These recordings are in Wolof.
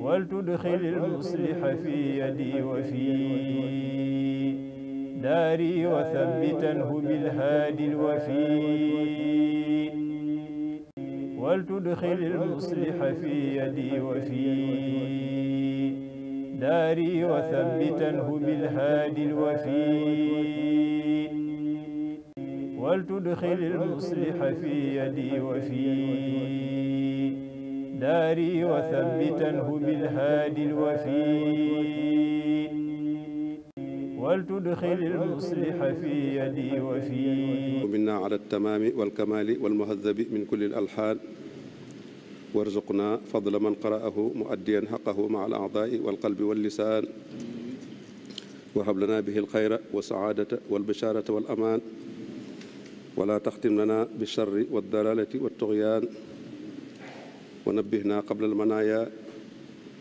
ولتدخل المصلح في يدي وفي داري وثبته بالهادي الوفي ولتدخل المصلح في يدي وفي داري وثبته بالهادي الوفي ولتدخل المصلح في يدي وفي داري وثبتنه بالهادي الوفي ولتدخل المصلح في يدي وفي منا على التمام والكمال والمهذب من كل الألحان وارزقنا فضل من قرأه مؤديا حقه مع الأعضاء والقلب واللسان وهب لنا به الخير والسعادة والبشارة والأمان ولا تختم لنا بالشر والضلالة والطغيان wa nabbihna qabla almanaaya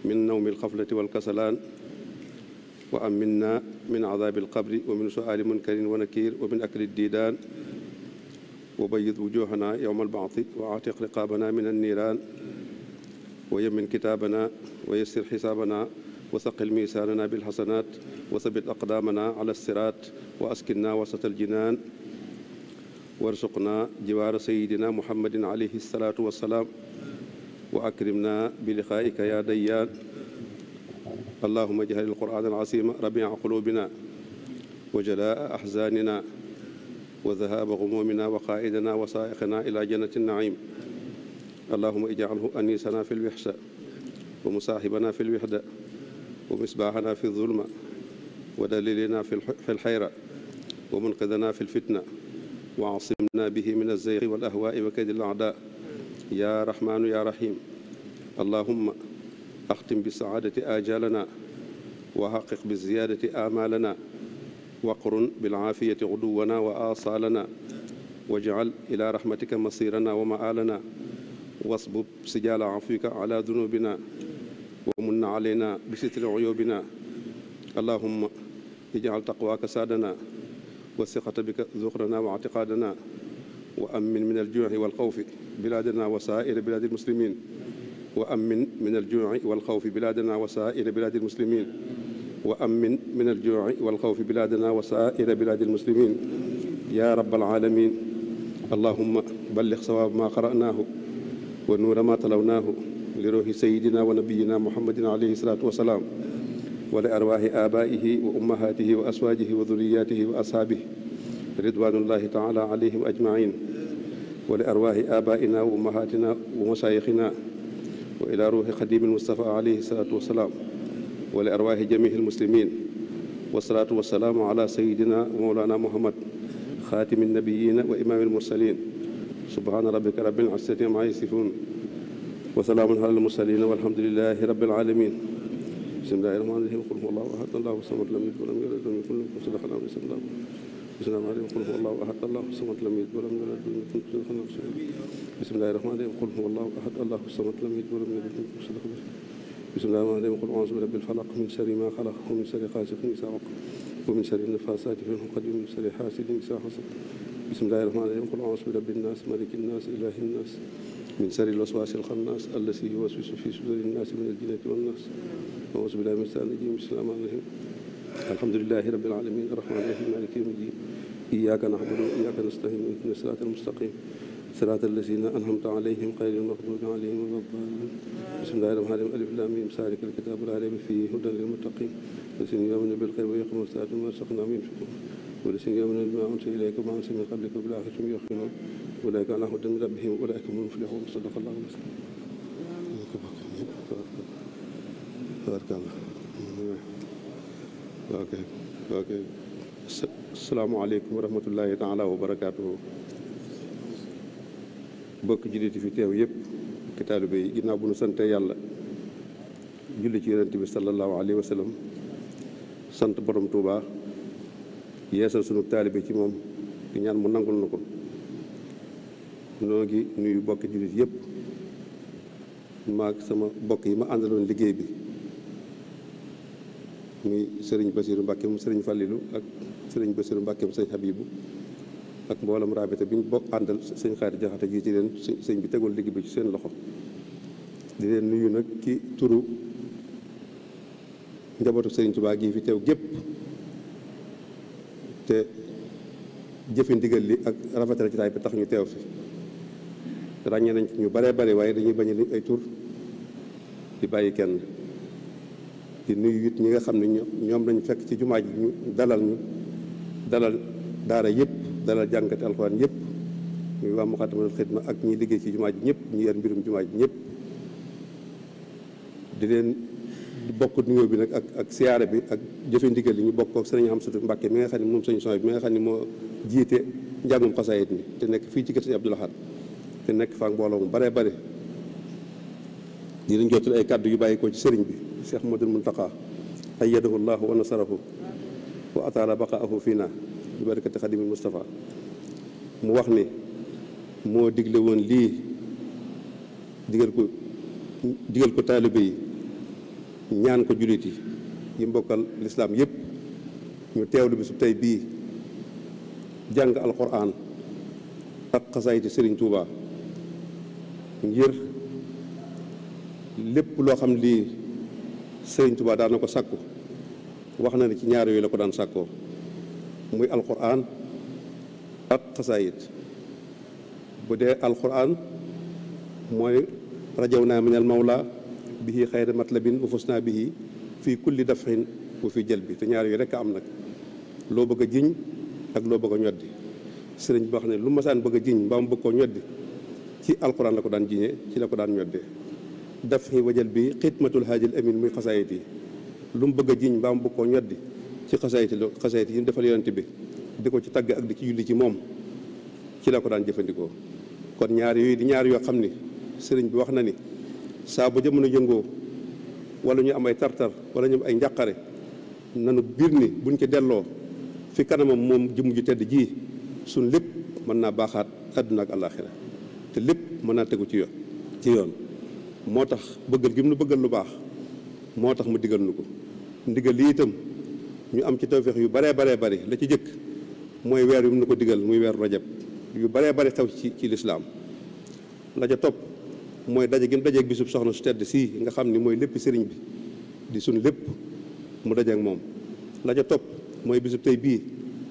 min nawmi alxaflati walkasalaan wa aminna min adaabi alqabri wa min suaali munkarin wa nakiir wa min akli diidaan wa bayid wujuhana yowma albaati wa aatiq riqaabana min anniiraan wa yemin kitaabana wa yassir xisaabana wa saqil miisaanana bilxasanaat wa sabit aqdaamana ala siraat wa askinna wasata aljinaan warsuqna jiwaara sayidina muhammadin alayhi salaatu wassalaam wa akrimna bi liqaaika ya dayyaan allahuma jahal alquraan alazima rabia qulubina wa jalaa ahzanina wa dhahaaba gumuumina wa qaaidana wa saaiqina ila jannati naim allahuma ijcalhu anisana fi lwixsa wa musaaxibana fi lwixda wa misbaaxana fi zulma wa dalilina fi lxayra wa munqidana fi lfitna wa asimna bihi min alzeyqi walahwaai wa kaydi alaadaa يا رحمن يا رحيم اللهم أختم بالسعادة آجالنا وحقق بالزيادة آمالنا وقرن بالعافية غدونا وآصالنا واجعل إلى رحمتك مصيرنا ومآلنا واصبب سجال عفوك على ذنوبنا ومن علينا بستر عيوبنا اللهم اجعل تقواك سادنا وثقة بك ذخرنا واعتقادنا وأمن من الجوع والخوف بلادنا وسائر بلاد المسلمين وأمن من الجوع والخوف بلادنا وسائر بلاد المسلمين وأمن من الجوع والخوف بلادنا وسائر بلاد المسلمين يا رب العالمين اللهم بلغ صواب ما قرأناه ونور ما تلوناه لروح سيدنا ونبينا محمد عليه الصلاة والسلام ولأرواح آبائه وأمهاته وأزواجه وذرياته وأصحابه رضوان الله تعالى عليهم أجمعين ولأرواح آبائنا وأمهاتنا ومشايخنا وإلى روح خديم المصطفى عليه الصلاة والسلام ولأرواح جميع المسلمين والصلاة والسلام على سيدنا ومولانا محمد خاتم النبيين وإمام المرسلين سبحان ربك رب العزة عما يصفون وسلام على المرسلين والحمد لله رب العالمين بسم الله الرحمن الرحيم قل هو الله أحد الله الصمد لم يلد ولم يولد ولم يكن له كفوا أحد bismillaahi rahmaani rahiim qul huwa allaahu ahad allaahu samad lam yalid walam yulad walam yakun lahu kufuwan ahad bismillaahi rahmaani rahiim qul huwa allaahu ahad allaahu samad lam yalid walam yulad walam yakun lahu kufuwan ahad bismillaahi rahmaani rahiim qul a'uuzu bi rabbil falaq min sharri maa xalaq wa min sharri gaasiqin izaa waqab wa min sharri nafaasaati fil 'uqad wa min sharri haasidin izaa hasad bismillaahi rahmaani rahiim qul a'uuzu bi rabbin naas malikin naas ilaahin naas min sharril waswaasil xannaas allazii yuwaswisu fii suduurin naas minal jinnati wan naas a'uuzu billaahi minash shaytaanir rajiim bismillaahi rahmaani rahiim alhamdulilahi rabbil alamin arrahmani rahim maliki yawmi din iyyaka na'budu wa iyyaka nasta'in ihdinas siratal mustaqim siratal lazina an'amta alayhim ghayril maghdubi alayhim waladdallin bismillahir rahmanir rahim alif lam mim zalikal kitabu la rayba fihi hudan lil muttaqin lazina yu'minuna bil ghaybi wa yuqimuna as-salata wa mimma razaqnahum yunfiqun والذين يؤمنون بما أنزل إليك وما أنزل من قبلك وبالآخرة هم يوقنون أولئك على هدى من ربهم وأولئك هم المفلحون صدق الله العظيم بارك الله ok ok salaamaaleykum wa rahmatullahi taala wa barakaatuhu bokk julliti fi teew yëpp ki taalibe yi ginnaaw bu nu sante yàlla julli ci yonent bi sallallahu alayhi wa sallam sant borom Touba yeesal sunu taalibe ci moom di ñaan mu nangul na ko noo ngi nuyu bokki jullit yëpp maag sama bokk yi ma àndaloon liggéey bi muy sëriñ Basiiru Mbàkke mu sëriñ Fàllilu ak sëriñ Basiiru Mbàkke mu sëriñ Habibu ak mboolam raabita bi mu bokk àndal sëñ Xaari Jaxate jiite leen sëñ bi tegul liggéey bi ci seen loxo di nuyu nag ci turu njabootu sëriñ Tuubaa gi fi teew gépp te jëfe ndigal li ak rafetal ci taay bi tax ñu teew fi ràññee nañ ñu baree bari waaye dañuy bañ ay tur di bàyyi kenn di nuyu it ñi nga xam ne ñoom lañu fekk ci jumaa ji ñu dalal ñu dalal daara yëpp dalal jàngate alxuraan yëpp muy waa Muxaddamatul Xidma ak ñi liggéey ci jumaa ji ñëpp ñi yar mbirum jumaa ji ñëpp di leen bokk nuyoo bi nag ak ak siyaare bi ak jëfe ndigal li ñu bokk ak sëriñ Amsatu Mbàkke mi nga xam ne moom sëñ son bi mi nga xam ne moo jiite njàngum xasaayit mi te nekk fii ci kër sëñ Abdul Ahad te nekk fa mbooloo mu bare bare di leen jotul ay kàddu yu bàyyi ko ci sëriñ bi Cheikh Mouhamadoul Mountakha ayyadahu llaahu wa nasarahu wa ataala baqaahu fiina bi barakati xadimil Mustafa mu wax ni moo digle woon lii digal ko digal ko taalibe yi ñaan ko jullit yi yi mbokkal lislaam yépp ñu teewlu bi su tey bii jàng alquran ak xasaayiti sëriñ Tuuba ngir lépp loo xam lii sëriñ Tuubaa daan na ko sàkku wax na ne ci ñaar yooyu la ko daan sàkkoo muy alquran ak xasaayit bu dee alquran mooy rajaw naa minal mawla bihi xayra matlabin wa bi bihi fii kulli dafxin wa fi jël bi te ñaar yooyu rekk a am nag loo bëgg a jiñ ak loo bëgg a ñoddi sëriñ bi wax ne lu masaan bëgg a jiñ mbaa mu bëgg koo ñoddi ci alquran la ko daan jiñee ci la ko daan ñoddee daf xi wajal bi xidmatul haajil amin muy xasaayit yi lu mu bëgg a jiiñ mbaam bu ko ñoddi ci xasaayit la xasaayit yi mu defal yonent bi di ko ci tàgg ak di ci julli ci moom ci la ko daan jëfandikoo kon ñaar yooyu di ñaar yoo xam ni sëriñ bi wax na ni saa bu jamono yëngoo wala ñu am ay tartar wala ñu am ay njàqare nanu biir ni buñ ci delloo fi kanamam moom jëm ju tedd ji suñ lépp mën naa baaxaat àdduna ak àllaaxira te lépp mën naa tegu ci yoon ci yoon moo tax bëggal gi mu nu bëggal lu baax moo tax mu digal nu ko ndiggal lii itam ñu am ci tawféex yu baree baree bari la ci jëkk mooy weer yu mu nu ko digal muy weer rajab yu baree bari taw ci ci lislaam la ca topp mooy daje gi mu dajeeg bisub soxna su tedd sii nga xam ni mooy lépp sëriñ bi di suñ lépp mu dajeeg moom la ca topp mooy bisub tey bii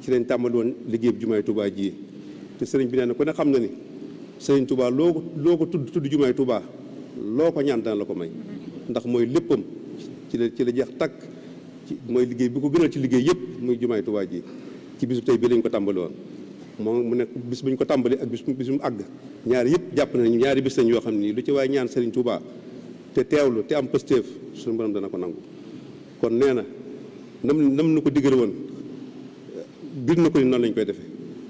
ci lañ tàmbali woon liggéey bu jumaay tubaa jii te sëriñ bi nee na ku ne xam na ni sëriñ Tuubaa loo ko loo ko tudd tudd jumaay Tuubaa loo ko ñaan dana la ko may ndax mooy léppam ci la ci la jeex takk ci mooy liggéey bi ko gënal ci liggéey yëpp muy jumaay Tuubaa ji ci bisu tey bi lañ ko tàmbali woon moom mu nekk bis buñ ko tàmbali ak bis mu àgg ñaari yëpp jàpp nañu ñaari bis yoo xam ni lu ci waaye ñaan Serigne Touba te teewlu te am pësteef suñu borom dana ko nangu kon nee na nam nam nu ko digal woon bir na ko ni noonu lañ koy defee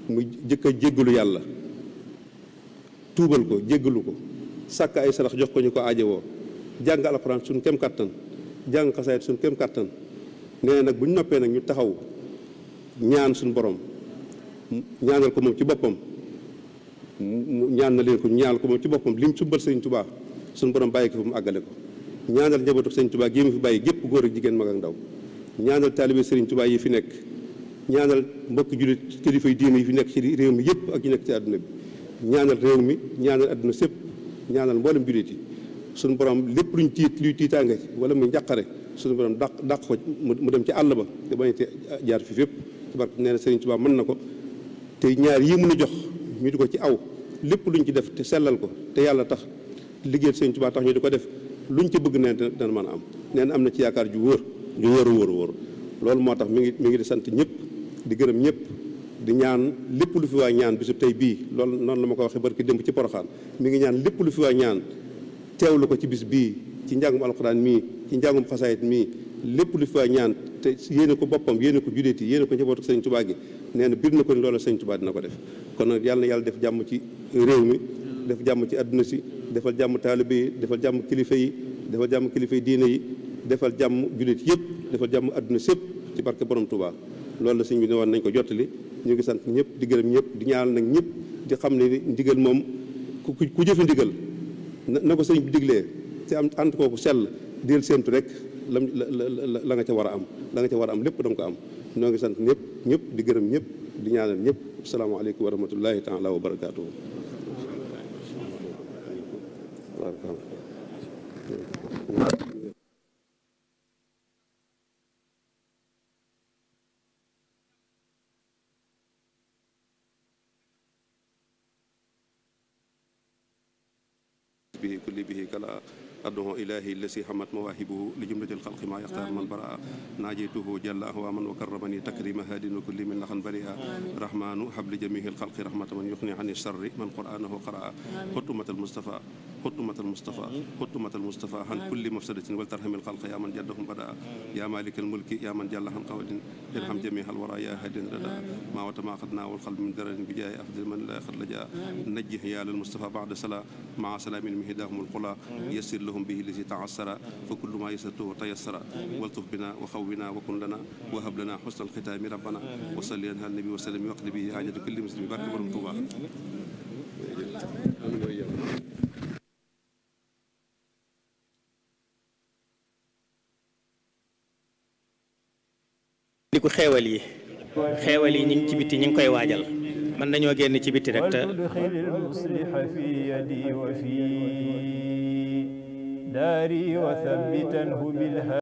mu jëkk a jéggalu yàlla tuubal ko jéggalu ko sàkk ay sarax jox ko ñu ko aajowoo jàng alxuraan suñ kem kàttan jàng xasaayit suñ kem kàttan nee nag bu ñu noppee nag ñu taxaw ñaan suñ borom ñaanal ko moom ci boppam ñaan na leen ko ñaanal ko moom ci boppam lim sumbal sëñ tubaa suñ borom bàyyi ko fi mu àggale ko ñaanal njabootu sëñ tubaa gii mu fi bàyyi gépp góor ak jigéen mag ak ndaw ñaanal taalibe sëriñ tubaa yi fi nekk ñaanal mbokk jullit kilifa yi diine yi fi nekk ci réew mi yëpp ak ñu nekk ci àdduna bi ñaanal réew mi ñaanal àdduna sépp ñaanal mboolem jullit yi suñu borom lépp luñ tiit luy tiitaange wala muy njàqare sunu borom dàq dàq ko mu dem ci àll ba te bañ a jaar fi fépp ci barke nee na mën na ko te ñaar yi mën a jox ñu di ko ci aw lépp luñ ci def te sellal ko te yàlla tax liggéeyal Sëriñ Tuubaa tax ñu di ko def luñ ci bëgg nee te mën a am nee am na ci yaakaar ju wóor ju wóor a wóor loolu moo tax mu ngi mu ngi di sant ñëpp di gërëm ñëpp di ñaan lépp lu fi waa ñaan bisub tey bii loolu noonu la ma ko waxee barki démb ci poroxaan mi ngi ñaan lépp lu fi waa ñaan lu ko ci bis bii ci njàngum alxuraan mii ci njàngum xasaayit mii lépp lu fi waa ñaan te yéene ko boppam yéene ko judeet yi yéene ko njabootu sëñ tubaa gi nee na bir na ko ni loolu sëñ tubaa dina ko def kon nag yàlla yàlla def jàmm ci réew mi def jàmm ci àdduna si defal jàmm taalibe yi defal jàmm kilifa yi defal jàmm kilifa diine yi defal jàmm judeet yëpp defal jàmm àdduna sépp ci barke borom tubaa loolu la sëñ bi ne nañ ko jottali ñu ngi sant ñëpp di gërëm ñëpp di ñaanal nag ñëpp di xam ne ndigal moom ku ku jëfe ndigal na ko sëñ bi diglee te am ànd kooku sell del séentu rek lam la nga ca war a am la nga ca war a am lépp danga ko am ñoo ngi sant ñëpp ñëpp di gërëm ñëpp di ñaanal ñëpp asalaamaaleykum wa rahmatullahi taala wa barakaatuhu kulli bihi kala adduhu ilahi lasi hamat mawaahibuhu li jumlatil xalqi ma yaxtaar man baraa naajeytuhu jalla ahwaman wa karramani takrima haadin wa kulli min laxan baria rahmanu habli jamihil xalqi rahmata man yuxni ani sharri man qur'anahu qaraa xutumatal mustafa حطمة المصطفى حطمة المصطفى عن كل مفسدة ولترحم الخلق يا من جدهم بدا يا مالك الملك يا من جل عن قول ارحم جميع الورى يا هادي ردا ما وتماقتنا والقلب من درر بجاه أفضل من لا قد لجا نجه يا للمصطفى بعد صلاة مع سلام من هداهم القلا يسر لهم به الذي تعسر فكل ما يسرته تيسر والطف بنا وخونا وكن لنا وهب لنا حسن الختام ربنا وصلي على النبي وسلم وقت به حاجة كل مسلم بارك برمتوبا fàttaliku xeewal yi xeewal yi ñu ngi ci bitti ñu ngi koy waajal man nañoo génn ci bitti rek te داري وثبته بالهدى